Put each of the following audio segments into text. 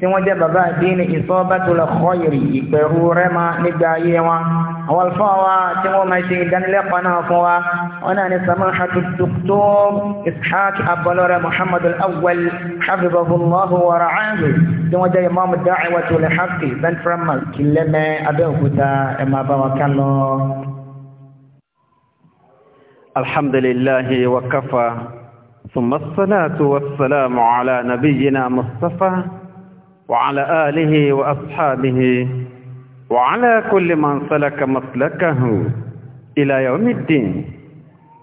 tí wọ́n jẹ́ bàbá àdínì ìsọ́bẹ́tòlẹ̀ kọ́yìrì ìpẹ̀rù rẹ́mà nígbà ayé wa àwọn alfa wa tí wọ́n máa ṣe ìdánilẹ́kọ̀ọ́ náà fún wa wọn náà ní samahatu dr ishaq abọlọrẹ muhammad al-awwal hafizahullahu wa ra'ahu tí wọ́n jẹ́ imam ben haqqi central mosque kìlẹ́mẹ́ abẹ́òkúta ẹ̀ máa bá wa kán lọ. الحمد لله وكفى ثم الصلاة والسلام على نبينا مصطفى وعلى آله وأصحابه وعلى كل من سلك مسلكه إلى يوم الدين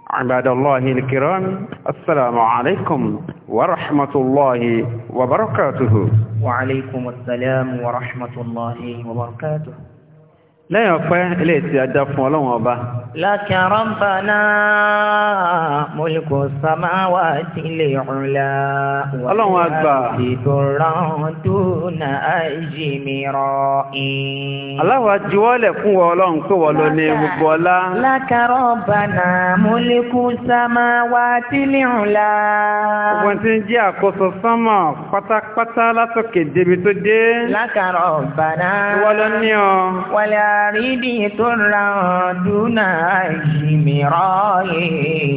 عباد الله الكرام السلام عليكم ورحمة الله وبركاته وعليكم السلام ورحمة الله وبركاته lẹ́yìn ọpẹ́ ilé tí a dá fún ọlọ́run ọba. lákà rọ́mbà náà mọ́lùkù samáwá ti lè rúlá. ọlọ́run àgbà. ìbòrán dúnà àìjì mìíràn in. aláwọ̀ ajiwọ́lẹ̀ fún wa ọlọ́run pé wọ́n ló ní gbogbo ọlá. lákà mọ́lùkù samáwá ti lè rúlá. gbogbo tí ń jẹ́ àkóso sánmọ̀ pátápátá látòkè débi tó dé. lákà wọ́n ló ní ọ. wọ́n lé àrídì tó ra dúnà ìmìíràn.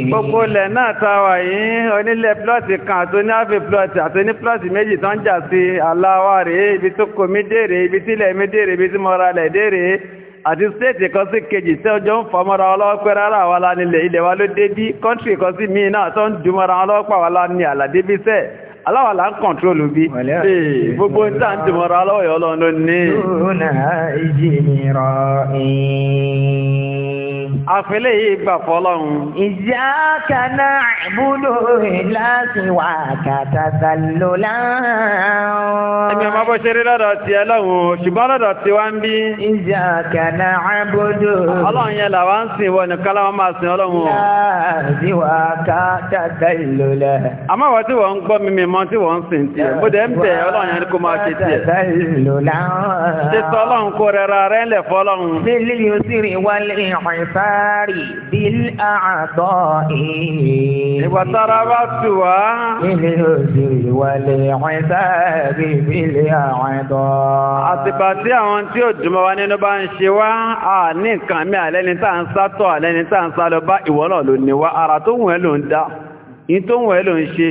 gbogbo ilẹ̀ náà ta wà yìí onílẹ̀ plọ́ọ̀tì kan àti oníhàfì plọ́ọ̀tì àti oní plọ́ọ̀tì méjì tó ń jà sí aláwa rèé ibi tó kọ mí dèrè ibi tí ilẹ̀ mi dèrè ibi tí mo ra lẹ̀ dèrè àti stéètì kan sí kejì tí ọjọ́ ń fọ́ mọ́ra ọlọ́pẹ́ rárá wa la ilẹ̀ wa ló dé kọ́ńtì kan sí míì náà tó ń dùn mọ́ra ọlọ́pàá wa la ní àlàdébísẹ́ aláwà là ń kọ̀ntrólù bí gbogbo ń tàn tí mọ́ra aláwọ̀yọ́ ọlọ́run ló ní àfẹ́lẹ̀ yìí gbà fọ́lọ́run iyyaka na'budu láti wà kàtàtà ló láàrùn ẹgbẹ̀ ọmọ bó ṣe rí lọ́dọ̀ ti ẹlọ́run ṣùgbọ́n lọ́dọ̀ ti wá ń bí iyyaka na'budu ọlọ́run yẹn làwá ń sìn wọ́n nìkan láwọn máa sìn ọlọ́run mọ́ tí wọ́n ń sin tí ẹ̀ bóde ń bẹ̀ ọlọ́run yẹn kó máa ṣe tí ẹ̀. ṣe sọ ọlọ́run kó rẹra rẹ lẹ̀ fọlọ́run. bílí yóò sì rìn wálé ìfàárì bí àtọ́ ìyè. ìwà tára bá tù wá. bílí yóò sì rìn wálé ìfàárì bí àtọ́. àtìgbà tí àwọn tí ò dùnmọ́ wa nínú bá ń ṣe wá a ní nǹkan mi àlẹ́ni tá à ń sátọ̀ àlẹ́ni tá à ń sálọ bá ìwọ́lọ̀ ló ní wá ara tó wù ẹ́ ló ń dá ìyí tó wù ẹ́ ló ń ṣe.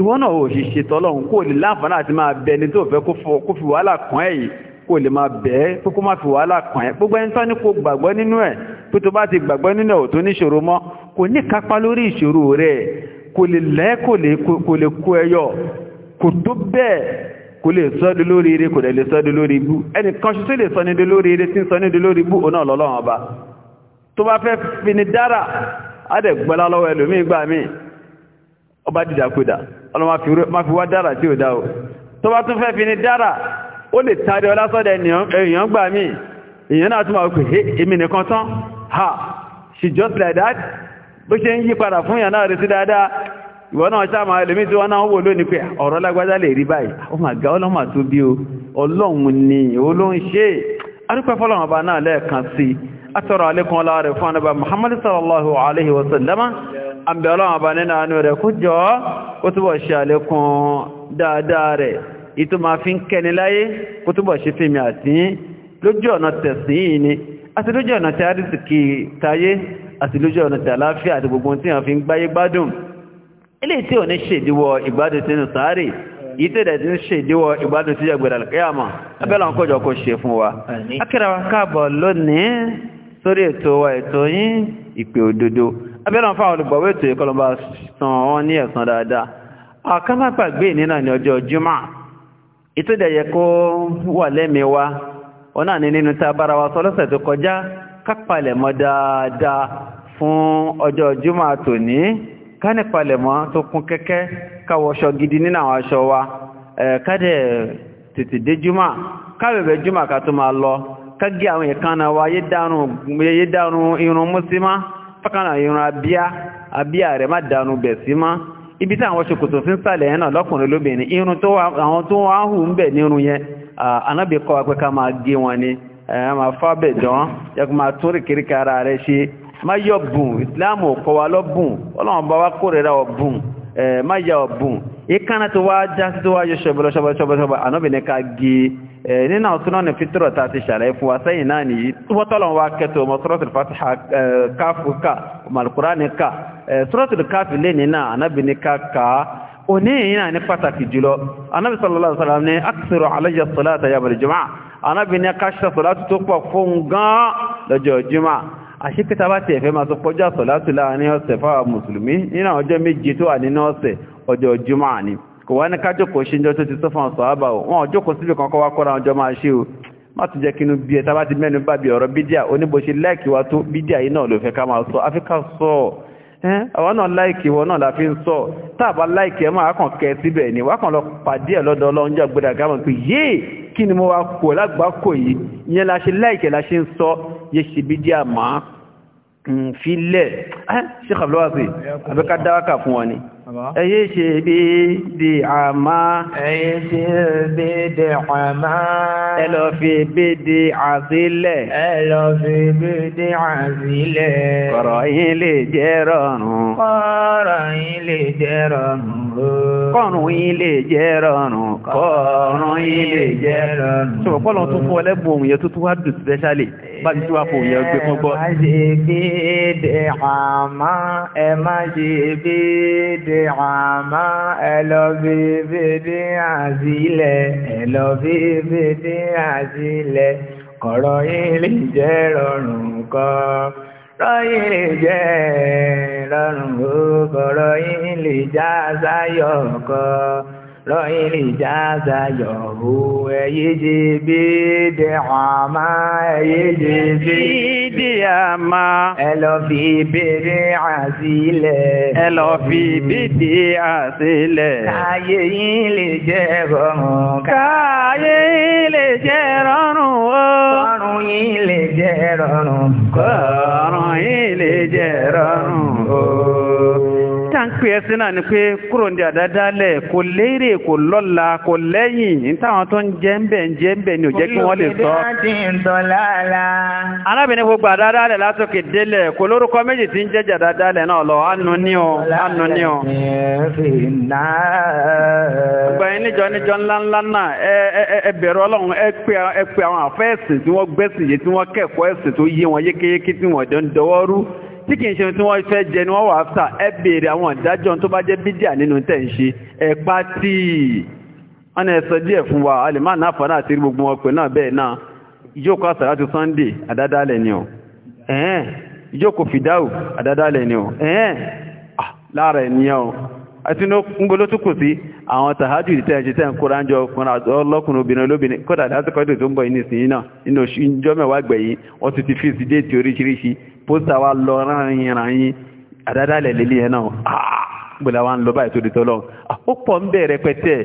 ìwọ́n náà ò ṣe ṣe tọ́lọ́hun kó lè láǹfààní àti máa bẹ ẹni tó fẹ́ kó fi wàhálà kàn ẹ́ yìí kó lè máa bẹ̀ ẹ́ pé kó má fi wàhálà kàn ẹ́ gbogbo ẹni tán ní kó gbàgbọ́ nínú ẹ̀ pé tó bá ti gbàgbọ́ nínú ẹ̀ ò tó níṣòro mọ́ kò ní kápá lórí ìṣòro rẹ̀ kò lè lẹ́ kò lè kó ẹyọ kò tó bẹ́ẹ̀ kò lè sọ́dún lórí eré kò lè sọ́dún lórí ibú ẹnì kan ṣoṣo lè sọ nídìí lórí eré tí ń sọ nídìí lórí ibú òun náà lọ́lọ́run ọba tó bá fẹ́ fi ni dára á dẹ̀ gbọ́lá lọ́wọ́ ẹlòmíì gbà míì ọba dìdàkudà ọlọ́mọ má fi wá dára tí ò dá o tó bá tún fẹ́ fi ní dára ó lè tàrí ọlásọ́dẹ̀ èèyàn gbà mí èèyàn náà tún máa pè èmi nìkan tán ha she just like that bó ṣe ń yí padà fún èèyàn náà retí dáadáa ìwọ náà ṣáàmà ẹlòmí tí wọ́n náà wò lónìí pé ọ̀rọ̀ lágbájá lè rí báyìí ó oh mà ga ọlọ́mà tó bí o ọlọ́run ni ó ló ń ṣe adúpẹ́ fọlọ́run ọba náà lẹ́ẹ̀kan sí i atọ́rọ̀ alẹ́kùn ọlá rẹ̀ fún anábà Muhammad sallallahu alaihi wa sallama àbẹ̀ọ́lọ́wọ̀n ọba nínú àánú rẹ̀ kó jọ kó túbọ̀ ṣe àlékún dáadáa rẹ̀ ìtò máa fi ń kẹni láyé kó túbọ̀ ṣe fèmí àti lójú ọ̀nà tẹ̀sìn yìí ni àti lójú ọ̀nà tí àrísìkì tayé àti lójú ọ̀nà tí àláfíà àti gbogbo tí wọ́n fi ń gbáyé gbádùn ilé tí ò ní ṣèdíwọ̀ ìgbádùn sínú sáré ìtẹ̀dẹ̀ wa akẹ́rẹ̀wà káàbọ̀ lónìí ìpè òdodo abẹ́rẹ́ fáwọn olùgbọ̀wé ètò ìkọlọ̀bà san wọ́n ní ẹ̀san dáadáa àkámápàgbé nínà ní ọjọ́ jùmọ́ ìtòdẹ̀yẹ kó wà lẹ́mìí wa ní nínú tá bára wa sọ lọ́sẹ̀ tó kọjá kápalẹ̀mọ́ dáadáa fún ọjọ́ jùmọ́ àtòní kánìpalẹ̀mọ́ tó kún kẹ́kẹ́ káwọṣọ gidi nínú àwọn fákànà irun abíá abíá rẹ̀ má dànù bẹ̀ sí ibi tí àwọn ṣokòtò sí ń sàlẹ̀ yẹn náà lọ́kùnrin lóbìnrin irun tó àwọn tó wá hù ń bẹ̀ yẹn anábì kọ́ wa pé ká máa gé wọn ni máa fá bẹ̀ dán máa tún rẹ̀ ṣe má yọ bùn kọ́ wa lọ bùn ọlọ́run bá wa ọ bùn má yà ọ bùn ìkànnà tó wá já Eh, nínú àwọn súnánà fítírọ̀ tá a ti ṣàlàyé fún wa sẹ́yìn náà nìyí wọ́tọ́lọ̀ wa ọmọ suratul Fatiha eh, káfù ká malkurani ká eh, suratul káfù lè nínú ànábì ní ká ká òní yìí náà ní pàtàkì jùlọ ànábì sallallahu alaihi wasallam ní aksiru alayya salata yamal jumaa ànábì ní jumaa àṣíkítà bá ti ẹ̀fẹ́ máa tó pọ́jà sọ̀látù láàrin ọ̀sẹ̀ fáwọn mùsùlùmí nínú àwọn ọjọ́ jumaa ni kò wá ní ká jókòó ṣe jọ tó ti sọ́fàn ọ̀sọ̀ àbà ò wọn jókòó síbi kankan wá kọ́ra ọjọ́ máa ṣe o má tún jẹ́ kínú bí ẹta bá ti mẹ́nu bá bí ọ̀rọ̀ bídíà oníbo ṣe láìkì wa tó bídíà yìí náà ló fẹ́ ká máa sọ áfíríkà sọ àwọn náà láìkì wọn náà láfi ń sọ táàbà láìkì ẹ máa kàn kẹ síbẹ̀ ni wá kàn lọ pàdé ẹ̀ lọ́dọ̀ ọlọ́njọ́ gbọdọ̀ gámọ̀ pé yé kí ni mo wá kò lágbàákò yìí ìyẹn la ṣe láìkì la ṣe ń sọ yé ṣe bídíà máa mm, fi lẹ̀ ṣe kàbílọ́wà sí àbẹ́ká dáwákà fún wọn ni ẹ̀yí ṣe bí di àmá ẹ̀yí ṣe bí di àmá ẹlọ fi bí di àzílẹ̀ ẹlọ fi bí di àzílẹ̀ kọ̀rọ̀ yín lè jẹ́ rọrùn kọ̀rọ̀ yín lè jẹ́ rọrùn kọ̀rùn yín lè jẹ́ rọrùn kọ̀rùn yín lè jẹ́ rọrùn ṣùgbọ́n pọ́lọ̀ tó fún ọlẹ́gbọ̀n òun yẹ tó tó wá dùn spẹ́ṣálì bá ti tó wá yẹ gbé fún gbọ́ àmá ẹlọ́bí bèdé àzílẹ̀ ẹlọ́bí bèdé àzílẹ̀ kọ̀rọ̀ yìí lè jẹ́ rọrùn kọ́ rọ́yìn lè jẹ́ rọrùn kọ́ rọ́yìn lè já sáyọ̀ kọ́ rọ́yìn ìjáza yọ̀hú ẹ̀yẹ́jì bí dẹ̀wọ̀n àmá ẹ̀yẹ́jì bí dẹ̀wọ̀n ẹlọ fi bèèrè àsílẹ̀ ẹlọ fi bèèrè àsílẹ̀ káyé yìí lè jẹ́ rọrùn káyé yìí lè jẹ́ rọrùn ó yìí lè jẹ́ rọrùn kọrùn yìí lè jẹ́ rọrùn ó tá ń pè ẹ́ sí náà ni pé kúrò ní àdádálẹ̀ kò léèrè kò lọ́la kò lẹ́yìn ní tó ń jẹ́ ń bẹ̀ ń jẹ́ ń bẹ̀ ni ò jẹ́ kí wọ́n lè sọ. arábìnrin gbogbo délẹ̀ kò lórúkọ méjì tí ń jẹ́jà àdádálẹ̀ náà lọ ní ọ ánú ní ọ. níjọ níjọ náà ẹ bẹ̀rù ọlọ́run ẹ pé àwọn àfẹ́ ẹ̀sìn tí wọ́n gbẹ́sìn tí kìí ṣe tí wọ́n fẹ́ jẹ ni wọ́n wà ẹ àwọn ìdájọ́ tó bá jẹ́ bídíà nínú ń ẹ tí wọ́n díẹ̀ wa náà fọ́nà àti gbogbo wọn pè náà bẹ́ẹ̀ náà ìjókòó àsàlátù Sunday àdádálẹ̀ ni ọ ẹ̀ẹ́n ìjókòó fìdáù àdádálẹ̀ ni ọ ẹ̀ẹ́n lára ọ àti tó kù sí àwọn ìtẹ́ tẹ́ ń kóra ń jọ ọlọ́kùnrin obìnrin olóbìnrin kódà ètò tó ń bọ̀ yìí náà nínú gbẹ̀yìn wọ́n ti ti fi pósítà wa lọ rárin rárin àdádálẹ̀ lélẹ̀ yẹn náà ah, gbọ́dọ̀ wa ń lọ báyìí tó di tọ́lọ́ ah, ó pọ̀ ń bẹ̀rẹ̀ pẹ̀tẹ́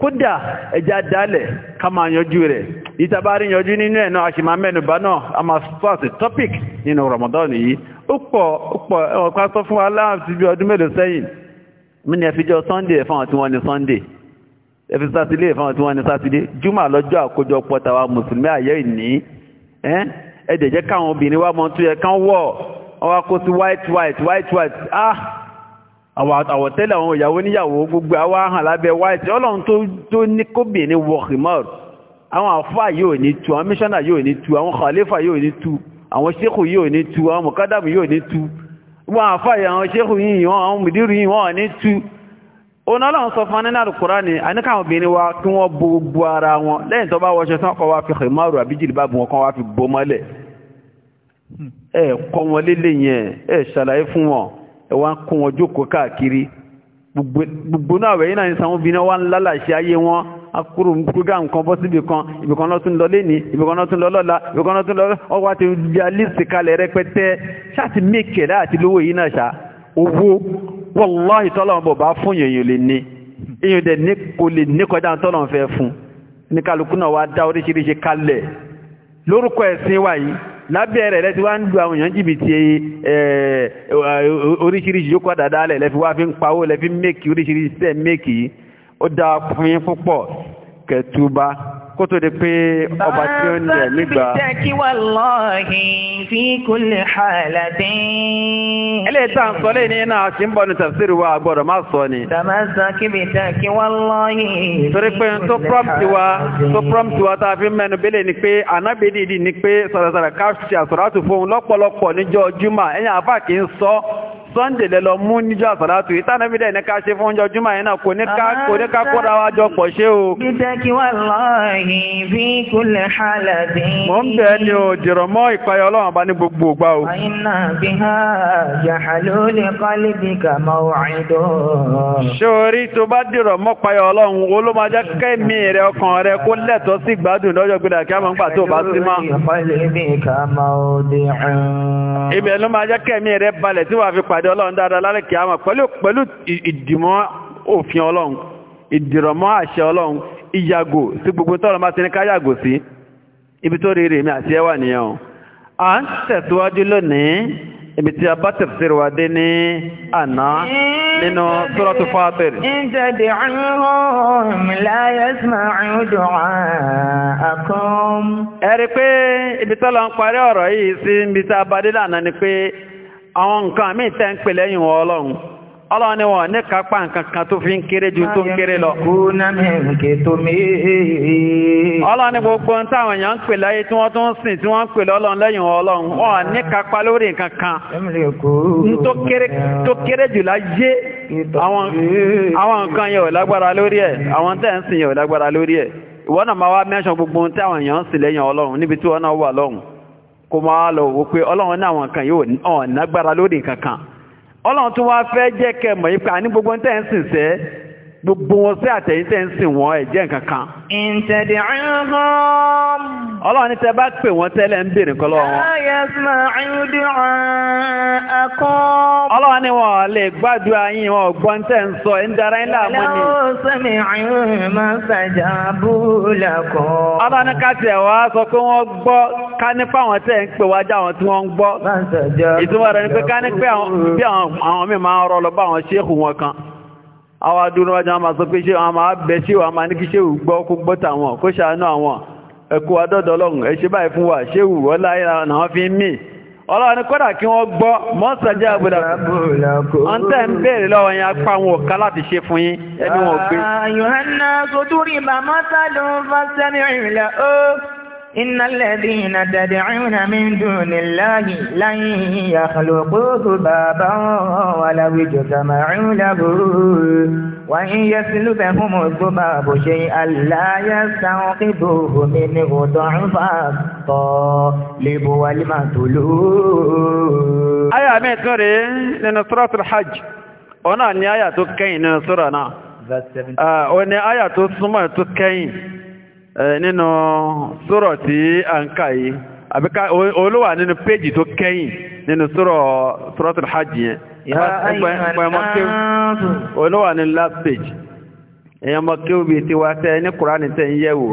kódà ẹja dálẹ̀ ká máa yanjú rẹ̀ ìtàbárí yanjú nínú ẹ̀ náà a sì náà a máa fast topic nínú Ramadan yìí ó pọ̀ ó pọ̀ ẹ̀wọ̀n ká sọ fún wa láàrín ju ọdún mélòó sẹ́yìn mí ni ẹ Sunday fáwọn tí wọ́n ní Sunday ẹ fi sátidé fáwọn tí wọ́n ní sátidé júmọ̀ lọ́jọ́ àkójọpọ̀ tàwa mùsùlùmí àyẹ́ ìní ẹ̀dẹ̀ jẹ́ káwọn obìnrin wá mọ tó yẹ kán wọ̀ wọ́n kó sí white white white white ah àwọ̀tẹ́lẹ̀ àwọn ìyàwó níyàwó gbogbo àwa hàn lábẹ́ white ọlọ́run tó ní kóbìnrin wọ̀ himar àwọn àfà yóò ní tu àwọn míṣọ́nà yóò ní tu àwọn khalifa yóò ní tu àwọn ṣékù yóò ní tu àwọn mọ̀kádàmù yóò ní tu wọ́n àfà àwọn ṣékù yìí wọ́n àwọn mùdírù yìí wọ́n ní tu òun ọlọ́run sọ fún nínú Al-Kùránì àníkàwọn obìnrin wa kí wọ́n bo gbogbo ara wọn lẹ́yìn tó bá wọṣọ tán kọ́ wá fi himar àbíjìlì bá bu wọn wá fi bo mọ́lẹ̀ ẹ kọ́ wọn lélẹ̀ yẹn ẹ ṣàlàyé fún wọn ẹ wá ń kó wọn jókòó káàkiri gbogbo náà wẹ̀yìn náà ní sanwó bí náà wá ń lálàṣẹ ayé wọn akúrò program kan bọ́ síbi kan ibì kan lọ́tún lọ lẹ́ni ibì kan lọ́tún lọ lọ́la ibì kan lọ́tún lọ ọwọ́ àti ìjà lẹ́sì kalẹ̀ rẹpẹtẹ ṣáàtì mẹ́kẹ̀lá àti lówó yìí náà ṣá owó wọ́láhì tọ́lọ́run bọ̀ bá fún èèyàn lè ní èèyàn dẹ̀ ní kò lè ní kọjá tọ́lọ́run fẹ́ fún ní kálukú náà wá dá oríṣiríṣi kalẹ̀ lórúkọ ẹ̀sìn wa lábẹ́ rẹ̀ rẹ̀ tí wá ń lu àwọn èèyàn jìbìtì oríṣiríṣi yóò kọ́dà dálẹ̀ lẹ́fi wá fi ń pawó lẹ́fi mẹ́kì oríṣiríṣi tẹ́ mẹ́kì ó dáa fún yín púpọ̀ kẹtùbá kó tó di pé ọba tí ó ní ẹ̀mí gbà. ilé ìta ń sọ náà ń wa gbọ́dọ̀ máa sọ ni. torí pé tó prompt wa tó wa mẹ́nu ni pé anábìdìdì ni pé sọ̀rọ̀sọ̀rọ̀ àsọ̀rọ̀ àtúfóhun lọ́pọ̀lọpọ̀ níjọ́ àbá sunday lẹ́lọ mú níjọ́ àsàlátù ìtànàbídẹ̀ ní ká ṣe fún oúnjẹ ọjúmọ̀ yẹn náà kò ní ká kóra wá jọ pọ̀ ṣe o. mo ń bẹ̀ ni o jẹ̀rọ̀ mọ́ ìpayọ̀ ọlọ́run bá ní gbogbo ògbà o. ṣorí tó bá dìrọ̀ mọ́ payọ̀ ọlọ́run olómọjá kẹ́mi rẹ̀ ọkàn rẹ̀ kó lẹ́tọ̀ọ́ sí gbádùn lọ́jọ́ gbéra pàdé ọlọ́run dáadáa lálẹ́ kìámà pẹ̀lú pẹ̀lú ìdìmọ́ òfin ọlọ́run ìdìrọ̀mọ́ àṣẹ ọlọ́run ìyàgò sí gbogbo tọ́rọ máa ti ní káyàgò sí ibi tó rí rèmi àti ẹwà nìyẹn o ń tẹ̀síwájú lónìí ibi tí a bá tafsir ní àná nínú suratu Fatir. in pé ibi tọ́lọ ń parí ọ̀rọ̀ yìí sí ibi tí a bá dé lánàá ni pé àwọn nǹkan mí tẹ́ ń pè lẹ́yìn wọn ọlọ́run ọlọ́run ni wọ́n ní kápá nǹkan kan tó fi ń kéré ju tó ń kéré lọ. ọlọ́run ni gbogbo ń táwọn èèyàn ń pè láyé tí wọ́n tó ń sìn tí wọ́n ń pè lọ́lọ́run lẹ́yìn ọlọ́run wọ́n ní kápá lórí kan tó kéré jù láyé àwọn nǹkan yẹn ò lágbára lórí ẹ̀ àwọn tẹ́ ń sìn yẹn ò lágbára lórí ẹ̀ ìwọ́n náà máa wá gbogbo ń èèyàn ń sìn lẹ́yìn ọlọ́run níbi tí kò máa lọ wò pé ọlọ́run ní àwọn nǹkan yóò ọ̀n nágbára lórí kankan. kan ọlọ́run tún wá fẹ́ jẹ́ kẹ́ mọ̀ yí pé gbogbo ń tẹ́ ń sìn sẹ́ gbogbo wọn sí àtẹ̀yìntẹ̀ ń sìn wọn ẹ̀jẹ̀ nǹkan kan. ìǹtẹ̀dẹ̀ ọ̀hún. ọlọ́run ní bá pè wọ́n tẹ́lẹ̀ ń bèrè kọ́lọ́ wọn. ayasma ayúdí akọ́. ọlọ́run ní wọn lè gbàdúrà yín wọn gbọ́n tẹ́ ń sọ ń dara yín láàmú ni. ọlọ́run sẹ́mi ayún máa ń sàjà búlà kọ́. ọlọ́run ní ká tiẹ̀ wá sọ pé wọ́n gbọ́ ká ní pé àwọn tẹ́ ń pè wájà àwọn tí wọ́n ń gbọ́. ìtumọ̀ rẹ̀ ni pé ká ní pé àwọn bí àwọn míì máa ń rọ lọ bá àwọn ṣéèkù wọn kan àwọn adúrúwájá máa sọ pé ṣe àwọn máa bẹ̀ ṣe wà máa ní kí ṣe gbọ́ kó gbọ́ta wọn kó ṣàánú àwọn ẹkù adọ́dọ̀ ọlọ́run ẹ ṣe báyìí fún wa ṣe wùrọ́ láyé àwọn fi ń mì إن الذين تدعون من دون الله لن يخلقوا ذبابا ولو اجتمعوا له وإن يسلبهم الذباب شيئا لا يستوقفوه منه ضعفا الطالب والمطلوب آية من سوري لنصرة الحج هنا آية تكين لنصرنا آه وني آية تسمى تكين nínú sọ́rọ̀ tí a ń kà yìí àbíká olówà nínú péjì tó kẹ́yìn nínú sọ́rọ̀ sọ́rọ̀tún yẹn olówà last page èyàn mọ́kíw bí ti wá tẹ́ ní kùránì tẹ́ ń yẹ̀wò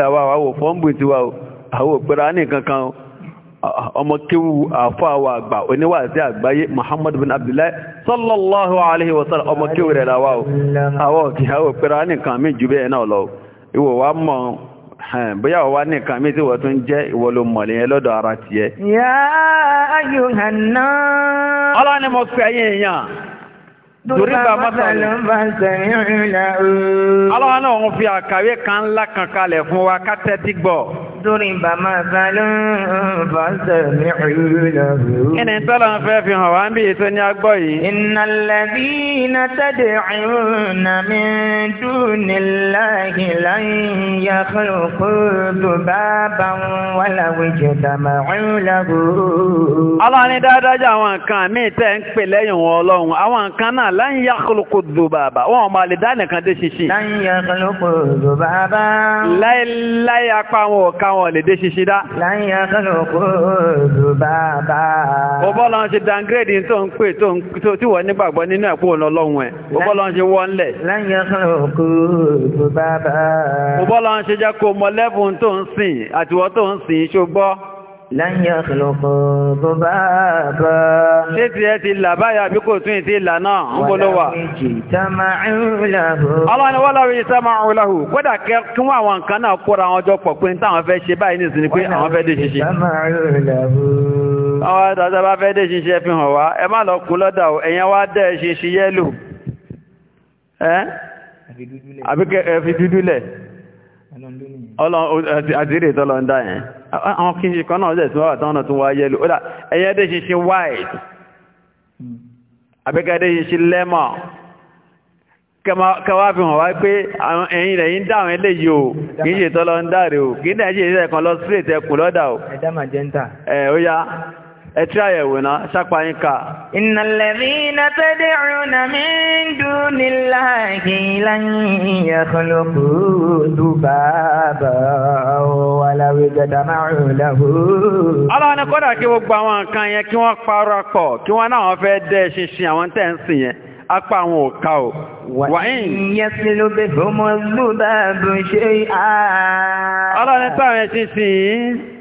ya wò fọ́nbù ti wà wò àwò pẹ̀lú kankan ọmọ kéwú àfáwà àgbà oníwàásí àgbáyé muhammad bin abdullahi sallallahu alaihi wasallam ọmọ kéwú rẹ̀ láwá o àwọ̀ kí a wò pẹ́ra nìkan mí jù bẹ́ẹ̀ náà lọ ìwọ̀ wá mọ̀ bóyá wọ́n nìkan mí tí wọ́n tún jẹ́ ìwọ mọ̀lẹ̀ yẹn lọ́dọ̀ ara tiẹ̀. Dòríbà mọ́sàlù. Ọlọ́wọ́ náà wọ́n fi àkàwé kan ńlá kan kalẹ̀ fún wa ká tẹ́tí gbọ́. Dòríbà mọ́sàlù fọ́sẹ̀mí ìlú. Ẹni tọ́lọ ń fẹ́ fi hàn wá ń bí ètò ní agbọ́ yìí. Ìnàlẹ́bí iná tẹ́dẹ̀ ìrùnà mi dùn níláàgì láyìn ya kọ́lùkù tó bá bá wọn láwùjọ dàmà ìrùnlẹ́gbò. Ọlọ́run ní dáadáa àwọn nǹkan mí tẹ́ ń pè lẹ́yìn wọn ọlọ́run. Àwọn nǹkan náà náà ya yàkùlùkù dùbàbà wọn ọmọ àlè dánìkan dé ṣinṣin. ya yàkùlùkù dùbàbà. láyé apá wọn ò ká wọn lè dé ṣinṣin dá. ya yàkùlùkù dùbàbà. ọbọ̀lọ́ ń ṣe dangrade tó ń pè tó tí wọ́n nígbàgbọ́ nínú ẹ̀kú ọ̀nà ọlọ́run ẹ̀ ọbọ̀lọ́ ń ṣe wọ́n lẹ̀. láyé yàkùlùkù dùbàbà. ọbọ̀lọ́ ń ṣe jẹ́ kó mọ láyé ọ̀pọ̀lọpọ̀ bó bá bá. ṣé ti ẹ ti là báyà bí kò tún ìtì ìlà náà ń bolo wà. ọlọ́ni wọ́n láwọn ìjì sáma ọ̀láhù kódà kí wọ́n àwọn nǹkan náà kóra àwọn ọjọ́ pọ̀ pé ní táwọn fẹ́ ṣe báyìí nìsín ni pé àwọn fẹ́ dé ṣiṣẹ́. àwọn tàbí bá fẹ́ dé ṣiṣẹ́ fi hàn wá ẹ má lọ kú lọ́dà o ẹ̀yẹn wá dẹ́ ṣiṣẹ́ yẹ́lò àbíkẹ́ fi dúdú lẹ̀ ọlọ́run àti ìrètọ́lọ́ ń dá yẹn àwọn kí n ṣe kan náà jẹ́ ìsinmi àtàwọn náà tún wá yẹ́lò ó dà ẹyẹ́dẹ́ ṣe ṣe white àbẹ́gẹ́dẹ́ ṣe ṣe lemon kẹwàá fi hàn wá pé ẹ̀yìn rẹ̀ yìí ń dáwọn eléyìí o kìí ṣe tọ́lọ ń dáre o kìí dẹ̀ ṣe ìṣẹ́ kan lọ straight ẹkùn ẹtí àyẹ̀wò náà ṣápa yín ká. ìnàlẹ́rìnà tẹ́lẹ̀ ọ̀nà mi ń dùn ní láàyè láyìn ẹ̀kọ́lọ́kù dùbà bá wàláwí máa rùn láhù. ọlọ́run apá àwọn òka o. wàyìn yẹn sí ló bẹ fọmọ lóba bó ṣe á. ọlọ́run táwọn ẹ̀ ṣinṣin yìí.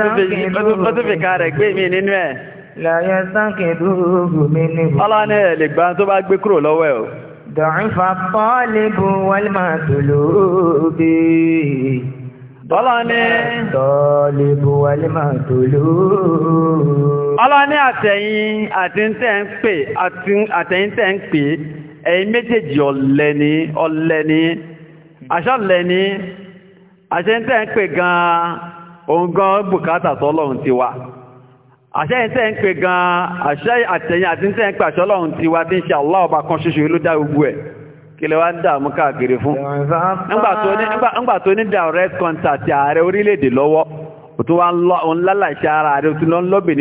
ọdún fi ká rẹ̀ gbé mi nínú ẹ̀. láyé sánkì dúró mi ní. ọlọ́ni ẹ̀ lè gbà tó bá gbé kúrò lọ́wọ́ ẹ̀ o. dọ̀ífà pọ́ọ̀lìbù wọ́lmà tòlóbi. ọlọ́ni. pọ́ọ̀lìbù wọ́lmà tòlóbi. ọlọ́ni àtẹ̀yìn àtẹ̀yìn tẹ̀ ń pè ẹ̀yin méjèèjì ọ̀lẹ́ni ọ̀lẹ́ni àṣọ̀lẹ́ni àṣẹ ń ń pè gan-an. òun gan bùkátà ti wa àṣẹ́yìn tẹ́ ń pè gan àṣẹ́ àtẹ̀yìn àti tẹ́ ń pè àṣọ́lọ́run ti wa tí ń ṣe kan ṣoṣo ló dá gbogbo ẹ̀ kí lẹ wá ń dààmú káàkiri fún tó direct contact ààrẹ orílẹ̀-èdè lọ́wọ́ wá ń lálàṣẹ ara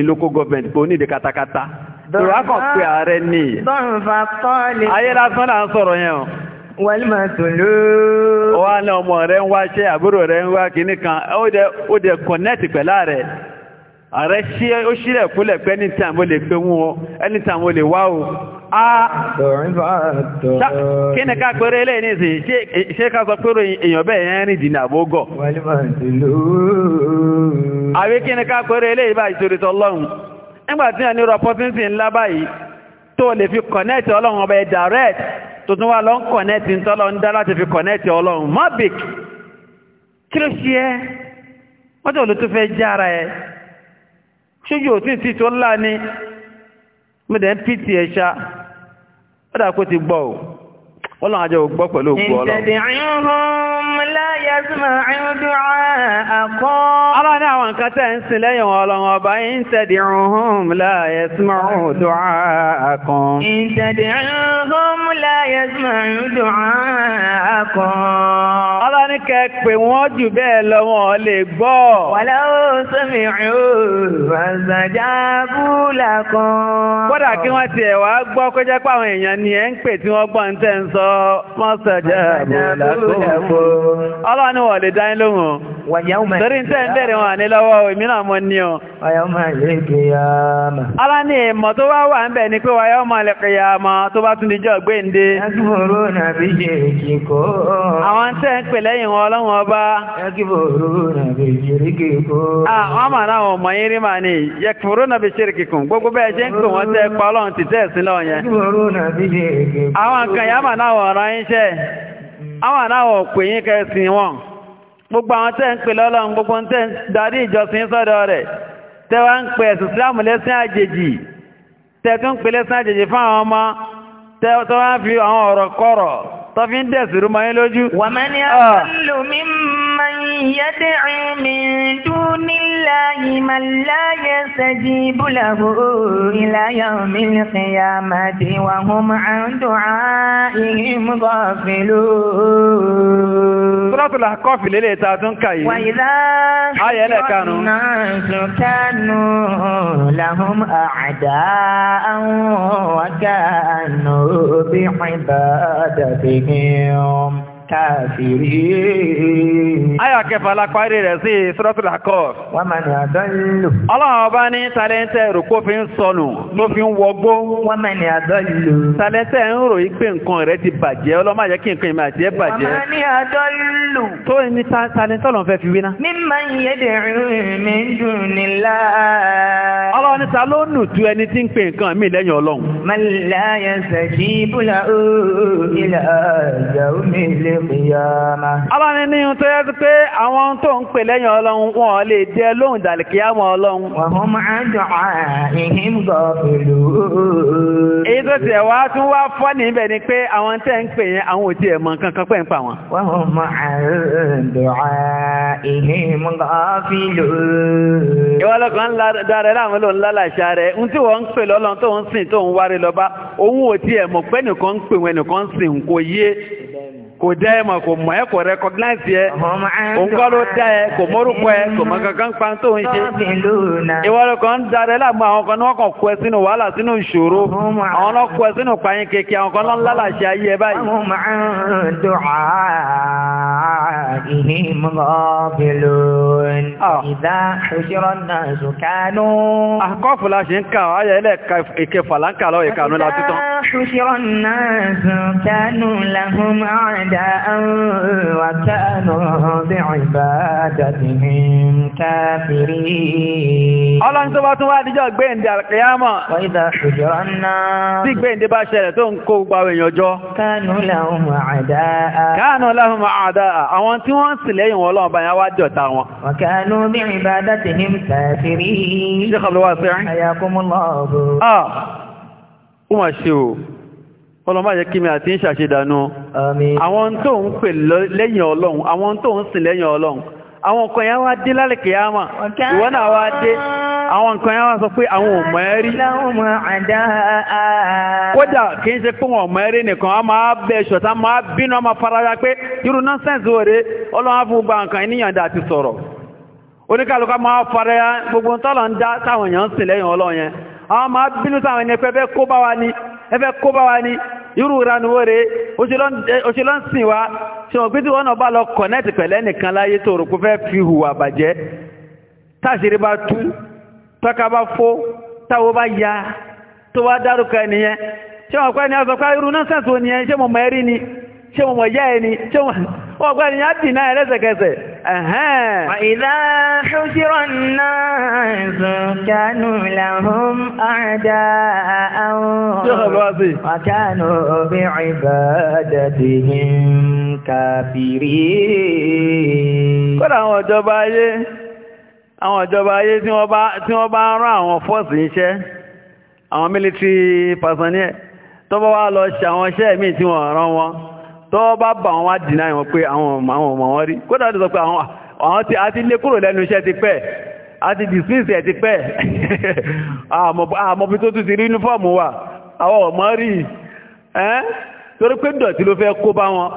local government pé katakata pé ààrẹ ní ayé lásán là ń sọ̀rọ̀ wàlmàtòló. wà ní ọmọ rẹ̀ ń wá iṣẹ́ àbúrò rẹ̀ ń wá kìíní kan ó dẹ̀ kọ̀nẹ́tì pẹ̀lá rẹ̀ ààrẹ ṣí ó ṣílẹ̀ kúlẹ̀ pé ní tàn mo lè pé wọn o ẹni tàn mo lè wá o a kí ni ká pẹ́rẹ́ ilé ní ìsìn ṣe ká sọ pẹ́rọ èèyàn bẹ́ẹ̀ yẹn rìn dìnà àbógọ̀ àwé kí ni ká pẹ́rẹ́ ilé ìbá ìṣòrìtọ̀ ọlọ́run nígbàtí ẹni rọpọ́tíntì ńlá báyìí tó lè fi kọ̀nẹ́ẹ̀tì ọlọ́run ọba ẹ̀ direct tuntun wa lọ ń kọ̀nẹ́ẹ̀tì ń tọ́lọ ń dá láti fi kọ̀nẹ́ẹ̀tì ọlọ́run mọ́bìk kí ló ṣe ẹ́ wọ́n tó ló tó fẹ́ jára ẹ̀ ṣójú òtún tí tó ńlá ni mo ń pìtì ẹ̀ ṣá ó dà kó ti gbọ́ ò ọlọ́run àjọ gbọ́ pẹ̀lú ògbọ́ ọlọ́run yasma'u du'a'akum. Ọlá ní àwọn nǹkan tẹ́ ń sin lẹ́yìn ọlọ́run ọba in tad'uhum la yasma'u du'a'akum. In tad'uhum la yasma'u du'a'akum. Ọlá ní kẹ́ pè wọ́n jù bẹ́ẹ̀ lọ wọn lè gbọ́. Walau sami'u fastajabu lakum. Kódà kí wọ́n tiẹ̀ wá gbọ́ kó jẹ́ pé èèyàn ni ẹ̀ ń pè tí wọ́n gbọ́ tẹ́ ń sọ, wọ́n wà ní wọ̀lẹ̀ dáyín lóhun torí tẹ́ ń bẹ̀rẹ̀ wọn ní lọ́wọ́ ìmìnà mọ́ ní ọ alá ní ìmọ̀ tó wá wà ń bẹ̀ ní pé wáyá ọmọ tó bá tún díjọ́ gbéǹde ń pè àwọn kan yá náà wọ̀n rán Mm. àwọn aláwọ̀ pè yín kẹsìn wọn gbogbo àwọn tẹ́ ń pè lọ́lọ́run gbogbo tẹ́ ń darí ìjọsìn sọ́dọ̀ rẹ̀ tẹ́ ń pè ẹ̀sùn lẹ́sìn àjèjì lẹ́sìn àjèjì ọmọ لله من لا يستجيب له إلى يوم القيامة وهم عن دعائهم غافلون سورة الأحقاف للي تاتون كاي وإذا آية كانوا الناس كانوا لهم أعداء وكانوا بعبادتهم الكافرين آية كيف لا قاري رسي سورة الحقاف ومن يضل الله باني تالنت ركو فين صنو لو فين وغبو ومن يضل تالنت انرو ipe nǹkan rẹ̀ ti bàjẹ́ Ọlọ́run má jẹ́ kí nǹkan mi àti bàjẹ́ ومن يضل nǹkan mi lẹ́yìn Ọlọ́run man la yastajibu lahu ila yawmil qiyamah. Ọlọ́ni ní ohun tó yẹ sí pé àwọn tó tún wá fọ́ níbẹ̀ ni pé àwọn tẹ́ ń pè yẹn àwọn ò tiẹ̀ mọ̀ pẹ́ ń pa wọn. Wa hum an du'a'ihim ghafilun. Ìwọ lọ́kàn ńlá dára láwọn ló ń lálàṣà rẹ̀. Ohun tí wọ́n ń pè lọ́lọ́run tó ń sìn tó ń wárí lọ́ba, òun ò tiẹ̀ mọ̀ pé nìkan ń pè wọn nìkan ń sìn kò yé kò dá ẹ mọ̀ kò mọ̀ ẹ kò rẹkọgnáìsì ẹ òun kọ́ ló dá ẹ kò mọ́rúkọ ẹ kò mọ̀ kankan pa tó ń ṣe ìwọ́lẹ̀ kan darẹ̀ láàmú àwọn kan ní wọ́n kàn kọ ẹ wàhálà sínú ìṣòro àwọn náà kọ ẹ sínú kékeré àwọn kan lọ́nà lálàṣẹ ayé ẹ báyìí. àkọ́fù ah. ah, la ṣe ń kà ayẹ ilẹ̀ ìkẹfà láǹkà lọ́wọ́ ìkànnú la títàn. ìdá أعداء وكانوا بعبادتهم كافرين الله سبحانه وتعالى جاء بين القيامة وإذا حجر الناس ديك بين دي باشرة تنكو باوين يجو كانوا لهم أعداء كانوا لهم أعداء أوان تيوان سليهم والله بان يواجه تاوان وكانوا بعبادتهم كافرين شيخ الواسع حياكم الله آه وما شو ọlọ́mọ yẹ kí mi àti ń ṣàṣedànù àwọn tó ń pè lẹ́yìn ọlọ́run àwọn tó ń sin lẹ́yìn ọlọ́run àwọn nǹkan yẹn wá dé lálẹ́kẹ̀ yá mà ìwọ náà wá dé àwọn nǹkan yẹn wá sọ pé àwọn ọmọ ẹ rí kódà kì í ṣe pé wọn ọmọ ẹ rí nìkan a máa bẹ ṣọ̀tá máa bínú faraya pé irú nọ́sẹ̀nsì òde ọlọ́run á faraya gbogbo tọ́lọ̀ ń dá táwọn èèyàn ń sìn lẹ́yìn ọlọ́run yẹn àwọn máa bínú táwọn ẹni irú ìranu wóre òṣèlọ́ ń sìn wá ṣe wọ́n pé wọ́n bá lọ kọ̀nẹ́tì pẹ̀lẹ́ nìkan láyé tó rò fẹ́ fi hùwà bàjẹ́ táṣìírí bá tú tọ́ka bá fó bá ya tó wá dárúkọ ṣe wọ́n ni irú ṣe wọn mọ̀ yá ẹni ṣe wọn gbá ni yàtì náà ẹlẹ́sẹ̀kẹsẹ̀ ayé àwọn ìjọba ayé tí wọ́n bá rán àwọn fọ́ọ̀sì iṣẹ́ àwọn military personnel tó bá wá lọ ṣe àwọn iṣẹ́ míì tí wọ́n rán wọn tó bá bà wọn wá dìnnà wọn pé àwọn ọmọ wọn rí kódà tó sọ pé àwọn tí a ti lé kúrò lẹ́nu iṣẹ́ ti pẹ́ a ti dismiss ẹ̀ ti pẹ́ àmọ́bí tó tún ti rí uniform wa àwọn ọmọ rí ẹ́n torí pé dọ̀tí ló fẹ́ kó bá wọn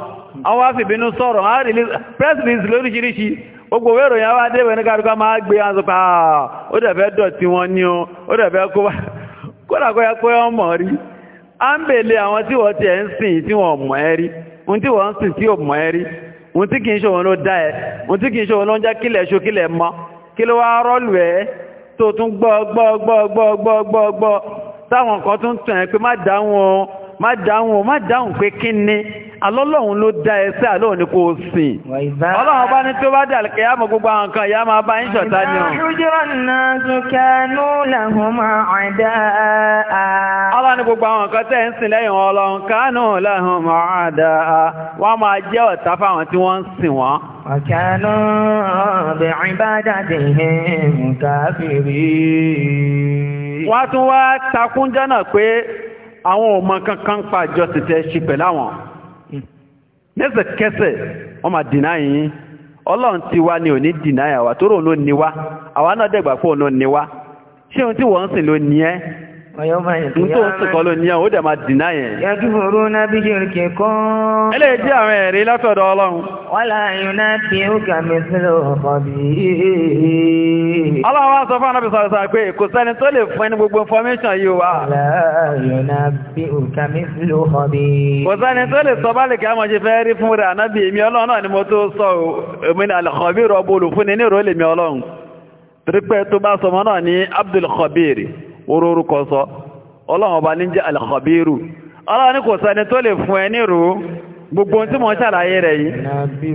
àwọn afẹ́bínú sọ̀rọ̀ press release lóríṣiríṣi gbogbo wẹ́rọ yẹn wá dé ìwẹ̀ní kárùkọ́ máa gbé wọn sọ pé ah, ó dẹ̀fẹ́ dọ̀tí wọn ní o ó dẹ̀fẹ́ kó bá kódà kó yẹ kó yọ mọ̀ rí à ń bèlè àwọn tí wọ́n ti ẹ̀ ń sìn tí wọ́n mọ̀ ẹ́ rí ohun tí wọ́n ń sìn tí ò mọ̀ ẹ́ rí ohun tí kì í ṣe òun ló dá ẹ ohun tí kì í ṣe òun ló ń jẹ́ kílẹ̀ ṣo kílẹ̀ mọ́ kí ló wá rọ́ọ̀lù ẹ́ tó tún gbọ́ gbọ́ gbọ́ gbọ́ gbọ́ gbọ́ má dáhùn má dáhùn pé kí alọ́lọ́hun ló dá ẹsẹ́ àlọ́hun ní kò sìn ọlọ́run bá ní tó bá dà gbogbo àwọn ìyá máa bá ń ṣọ̀tá a. ọlọ́run gbogbo àwọn kan tẹ́ ń sìn lẹ́yìn ọlọ́run kánú làwọn máa a wọ́n máa jẹ́ ọ̀tá fáwọn tí wọ́n ń sìn wọ́n. wọ́n tún wá àwọn ọmọ kankan pa ìjọsìn tẹ́ ṣe pẹ̀lú àwọn hmm. lẹ́sẹ̀kẹsẹ̀ wọ́n máa dìnnà yín ọlọ́run ti wá ní òní dìnnà yàwá tó rò ló ní wá àwa náà dẹ̀gbà pé òun ló ní wá ṣé ohun tí wọ́n ń ló ní ẹ́ tó ń sọ̀kọ́ ló níyàn ó dẹ̀ máa dìná yẹn. yàtúfòrò náà bí jẹ́rìkì kan. ẹlẹ́ jẹ́ àwọn ẹ̀rí látọ̀dọ̀ ọlọ́run. wọ́n láàyò náà fi ó kà mí ọ̀pọ̀ bí. ọlọ́run sọ fún anábì sọ̀rọ̀ sọ̀rọ̀ pé kò sẹ́ni tó lè fún ẹni gbogbo information yìí wá. kò sẹ́ni tó lè sọ báàlì ká mọ̀jẹ́ fẹ́ rí fún rẹ̀ anábì èmi ọlọ́run náà ni mo tó sọ òmìnira alkhabir ọbọ̀ olùfúnni ní ìrọ̀lẹ́mi ọlọ́run torípẹ́ tó bá sọmọ náà ní Abdul orórúkọ sọ ọlọ́run ọba ní jẹ́ alkhabiru ọlọ́run ní kò sẹ́ni tó lè fún ẹ nírú gbogbo tí mo ń ṣàlàyé rẹ̀ yìí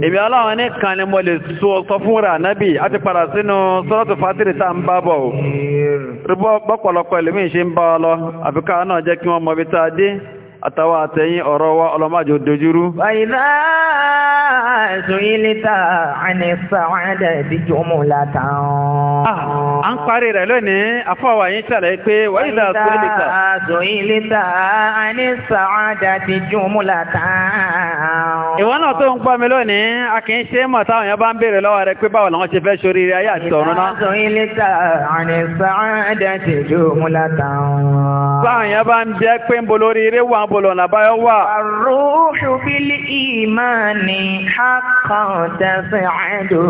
èmi ọlọ́run ní kan ni mo lè sọ fún rà nábì a ti padà sínú sọ́rọ̀tù fátìrì tá ń bá bọ̀ rúbọ́ pọ̀lọpọ̀ ìlú mi ṣe ń bá ọ àfikà náà jẹ́ kí wọ́n mọ̀ bí dé àtàwà àtẹ̀yìn ọ̀rọ̀ wa ọlọ́májò dojúrú. Wàyíná ṣòyílítà àní àní sàwádà ìdíjọ́ mú a kì í ṣe é mọ̀ táwọn èèyàn bá ń béèrè lọ́wọ́ rẹ pé báwo làwọn ṣe fẹ́ sórí ayé àti ọ̀run náà. Ṣòyílítà àní sàwádà ìdíjọ́ mú látàn. Báwọn èèyàn bá ń bọ́lọ̀ nàbáyọ́ wà. àrùn òṣùfìlì ìmáà ní hàk kan tẹ̀sán àìdò.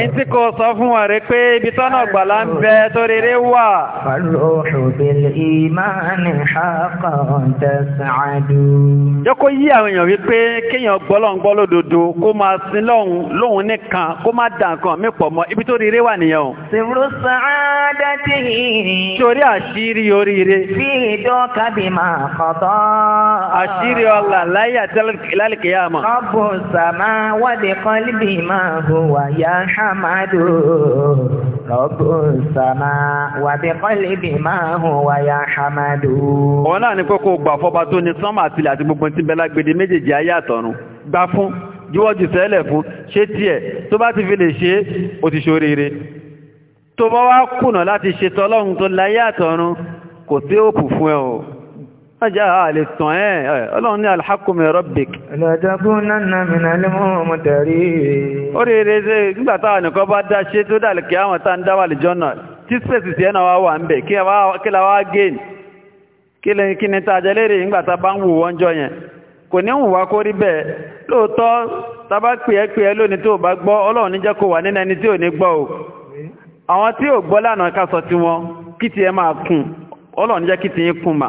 Ẹ tí kò sọ fún wa rí pé ibi tọ́nà gbàlá ń bẹ tó rere wà. Fàlóòrò bèlè ìmáàni kan tẹ̀sán àìdò. Jẹ́ kó yí àwọn èèyàn wípé kéèyàn gbọ́lọ̀ ń gbọ́ kó máa sin lọ́hùn nìkan kó má dà mí pọ̀ mọ́ ibi tó rere wà nìyẹn o. sàádá ti hìrì. Torí àṣírí oríire. Bí ìdọ́ka bí máa kọ̀tọ́. Àṣírí ọlà láyé àti lálẹ́ kìí wọ́dẹ̀ kan líbi máa hù wà yá hamadu rọ́bù sàmà wàdẹ̀ kan líbi máa hù wà yá hamadu. òun náà ní kókó gbà fọba tó ní sánmà àtìlẹ̀ àti gbogbo tí bẹ́lá gbèdé méjèèjì ayé àtọ̀run gbà fún jíwọ́jú sẹ́lẹ̀ fún ṣé tiẹ̀ tó bá ti fi lè ṣe é ó ti ṣoríire tó bá wá kùnà láti ṣe tọ́lọ́run tó láyé àtọ̀run kò sí òkú fún ẹ o. Ajá àlè tàn ẹ́ ọlọ́run ní alhaqqu min rabbik. Ìlàjàkún náà mìnà lè mọ́ mọ́ tẹ̀rí. Ó rí rí rí nígbàtà nìkan bá dá ṣe tó dà kí àwọn tá ń dáwà lè jọ́nà tí sẹ́sì sí ẹ̀nà wà ń bẹ̀ kí wá gẹ́n wá kó kí ti ẹ máa kún ọlọ́run jẹ́ kí ti yín kún mà.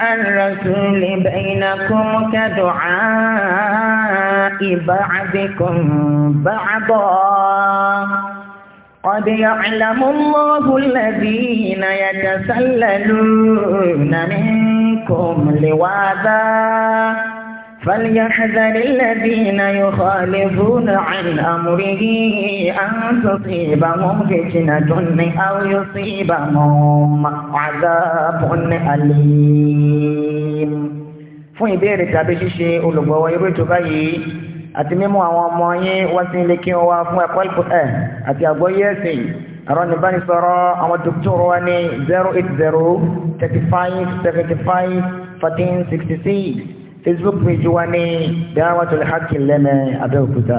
الرسول بينكم كدعاء بعضكم بعضا قد يعلم الله الذين يتسللون منكم لواذا فليحذر الذين يخالفون عن أمره أن تصيبهم فتنة أو يصيبهم عذاب أليم fún ìbéèrè tàbí ṣíṣe olùgbọ̀wọ́ irú ètò báyìí àti mímú àwọn ọmọ yín wá sí ilé kí wọ́n wá fún ẹ̀kọ́ ìpò ẹ̀ àti àgbọ́yé ẹ̀sìn ẹ̀rọ ìbánisọ̀rọ̀ àwọn dókítọ̀rọ̀ wa ní 080 35 75 14 66 facebook page wa ní dáwàtò lè hàkì lẹ́nà abẹ́òkúta.